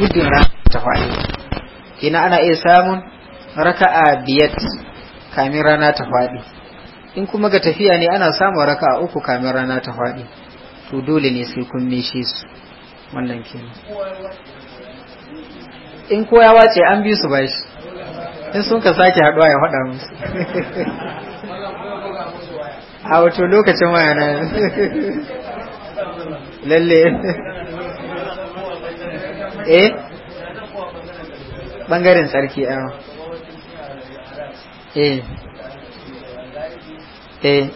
muddin ta faɗi kina ana iya samun raka'a biyar kamin rana ta faɗi in kuma ga tafiya ne ana samun raka'a uku kamin rana ta faɗi to dole ne sai kun meshe su wannan kenan in koya wace an bi su bashi in sun ka sake haduwa ya fada musu a wato lokacin waya na lalle eh bangaren sarki a eh eh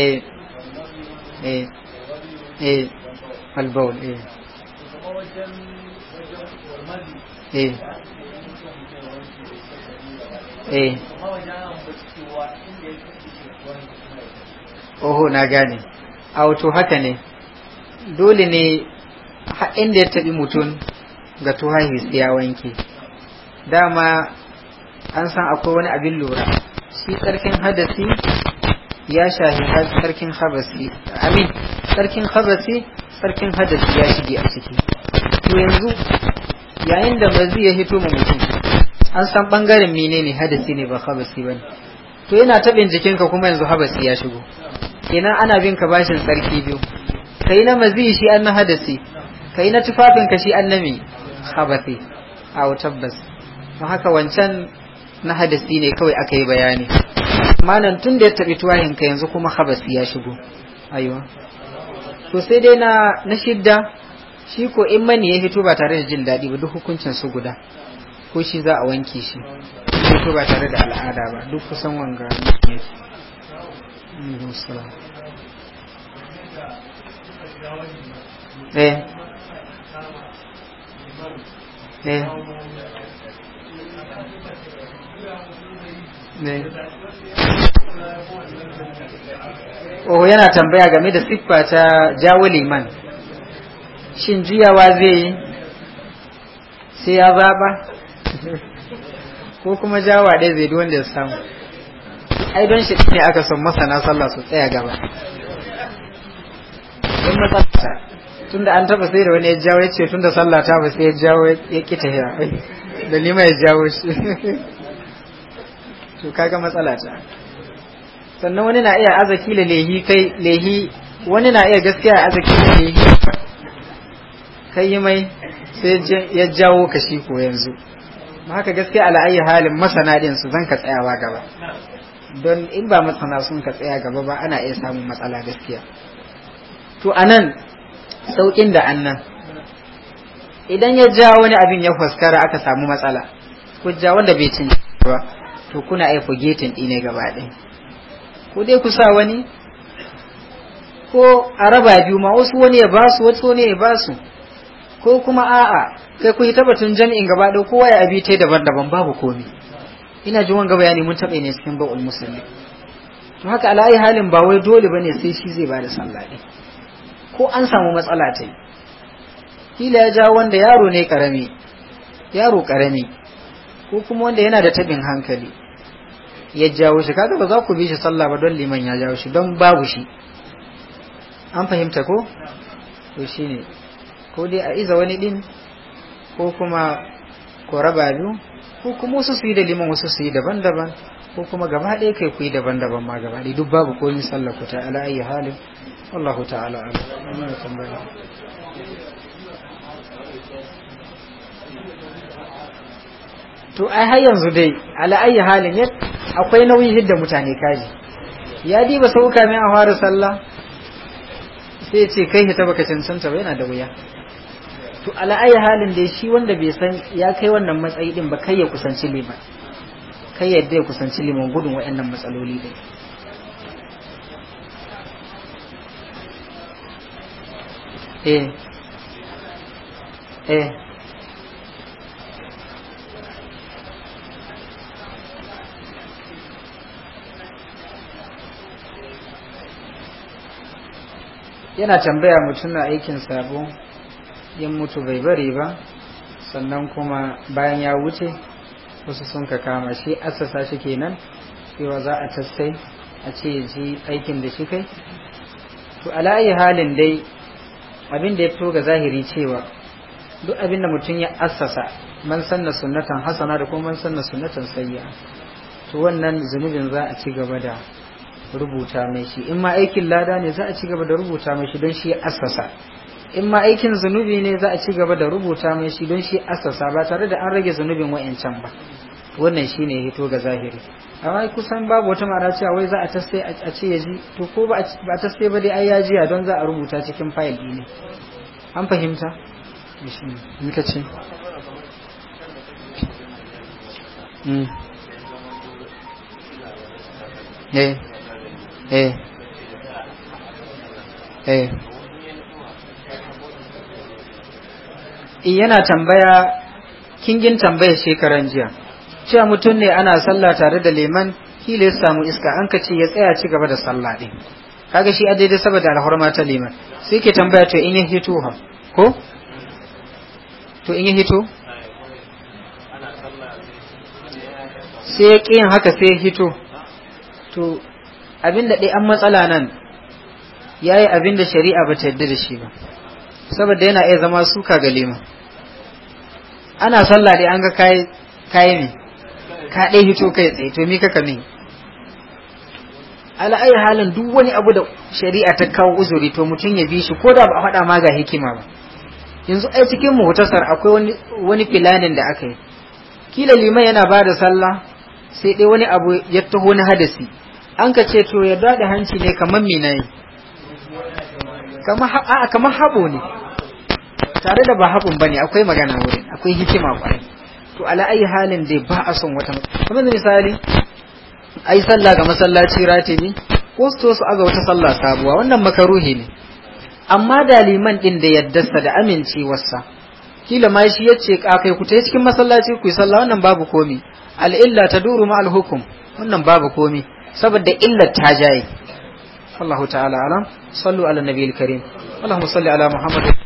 eh eh eh, eh. albaul eh eh eh oho na gane a wato haka ne dole ne inda ya taɓi mutum ga tuhahi sai ya wanke dama an san akwai wani abin lura shi tsarkin hadasi ya shahi tsarkin habasi amin tsarkin habasi tsarkin hadasi ya shige a ciki to yanzu yayin da mazi ya hito mu mutum an san bangaren menene hadasi ne ba habasi bane to yana taɓin jikinka kuma yanzu habasi ya shigo kenan ana bin ka bashin tsarki biyu kai na mazi shi an na hadasi kai na tufafinka shi an na me habati a tabbas don haka wancan na hadasi ne kawai aka yi bayani manan tun da ya taɓi tuwahin ka yanzu kuma habasi ya shigo aiwa to sai dai na shidda shi ko in mani ya fito ba tare da jin daɗi ba duk hukuncin su guda ko shi za a wanke shi fito ba tare da al'ada ba duk kusan wanga ya 네. ne oh yana tambaya game da siffa ta jawo liman shin juyawa zai yi sai ya zaba ko kuma jawa ɗaya zai wanda ya samu ai don shi ne aka son masana sallah su tsaya gaba don matsala tunda an taba sai da wani ya jawo ya ce tunda sallah ta ba sai ya jawo ya ki hira. da lima ya jawo shi to kaga matsala ta sannan wani na iya azaki da lehi kai lehi wani na iya gaskiya azaki da lehi kai yi mai sai ya jawo ka shi ko yanzu haka gaskiya ala'ayi halin masana din su zan ka tsayawa gaba don in ba masana sun ka tsaya gaba ba ana iya samun matsala gaskiya to anan sauƙin da annan idan ya ja wani abin ya fuskara aka samu matsala ja wanda bai cin ba to kuna aiko getin ɗine gaba ɗin ku dai ku sa wani ko a raba biyu ma wasu wani ya basu wasu wani ya basu ko kuma a'a kai ku yi tabbatun jami'in gaba ɗin kowa ya abi ta daban-daban babu komi ina jin wanga bayani mun taɓa ne cikin ba'ul musulmi to haka ala'ai halin ba wai dole ne sai shi zai bada sallah ɗin ko an samu matsala ta yi. kila ya ja wanda yaro ne karami yaro karami ko kuma wanda yana da tabin hankali ya jawo shi kaga ba za ku bi shi sallah ba don liman ya jawo shi don babu shi an fahimta ko to shine ko dai a iza wani din ko kuma ko raba biyu ko kuma wasu su yi da liman wasu su yi daban-daban ko kuma gaba ɗaya kai ku yi daban-daban ma gaba ɗaya duk babu komi sallar ku ta ala ayi halin wallahu ta'ala ala tambaya to ai har yanzu dai ala ayi halin akwai nauyi hidda mutane kaji ya diba sauka min a fara sallah sai ce kai hita baka cancanta ba yana da wuya to ala ayi halin dai shi wanda bai san ya kai wannan matsayi din ba kai ya kusanci liman kai yadda ya kusanci liman gudun waɗannan matsaloli ɗin eh eh yana tambaya mutum na aikin sabo yin mutu bai bari ba sannan kuma bayan ya wuce wasu sun ka kama shi asasa shi nan cewa za a tassai a ce ji aikin da shi kai to alayi halin dai abin da ya fito ga zahiri cewa duk abin da mutum ya assasa man sanna sunnatan hasana da kuma man sanna sunnatan sayya to wannan zunubin za a ci gaba da rubuta mai shi in ma aikin lada ne za a ci gaba da rubuta mai shi don shi ya assasa in ma aikin zunubi ne za a ci gaba da rubuta mai shi don shi asasa ba tare da an rage zunubin wa'ancan ba wannan shi ne hito ga zahiri amma kusan babu wata mara cewa wai za a tasai a ce ya ji to ko ba a tasai ba dai ai ya jiya don za a rubuta cikin fayil ne an fahimta in ka ce hmm. eh. Eh. Eh. E, yana tambaya kingin tambaya shekaran jiya cewa mutum ne ana sallah tare da leman kila ya samu iska an ka ce ya tsaya ci gaba da sallah din kaga shi a daidai saboda alhurma ta leman sai ke tambaya to in ya hito ha ko to in ya hito sai ya kiyan haka sai ya hito to abinda dai an matsala nan ya yi abinda shari'a ba ta yarda da shi ba saboda yana iya zama suka ga leman ana sallah dai an ga kai kai ne ka dai hito kai tsaye to me kaka min ala ayi halin duk wani abu da shari'a ta kawo uzuri to mutum ya bi shi ko da ba a haɗa ma ga hikima ba yanzu ai cikin muhtasar akwai wani wani filanin da aka yi kila liman yana ba da sallah sai dai wani abu ya taho na hadasi an ka ce to ya da hanci ne kamar minayi kamar haɓo ne tare da ba ba ne akwai magana wurin akwai hikima kwarai to ala ayi halin dai ba a son wata kamar misali ai sallah ga masallaci ratini ko su su aga wata sallah sabuwa wannan makaruhi ne amma da liman din da yaddarsa da amincewarsa kila ma shi yace kakai ku ta cikin masallaci ku yi sallah wannan babu komi al illa taduru ma al hukum wannan babu komi saboda illar ta jaye الله ta'ala alam sallu ala nabiyil karim Allahumma salli ala محمد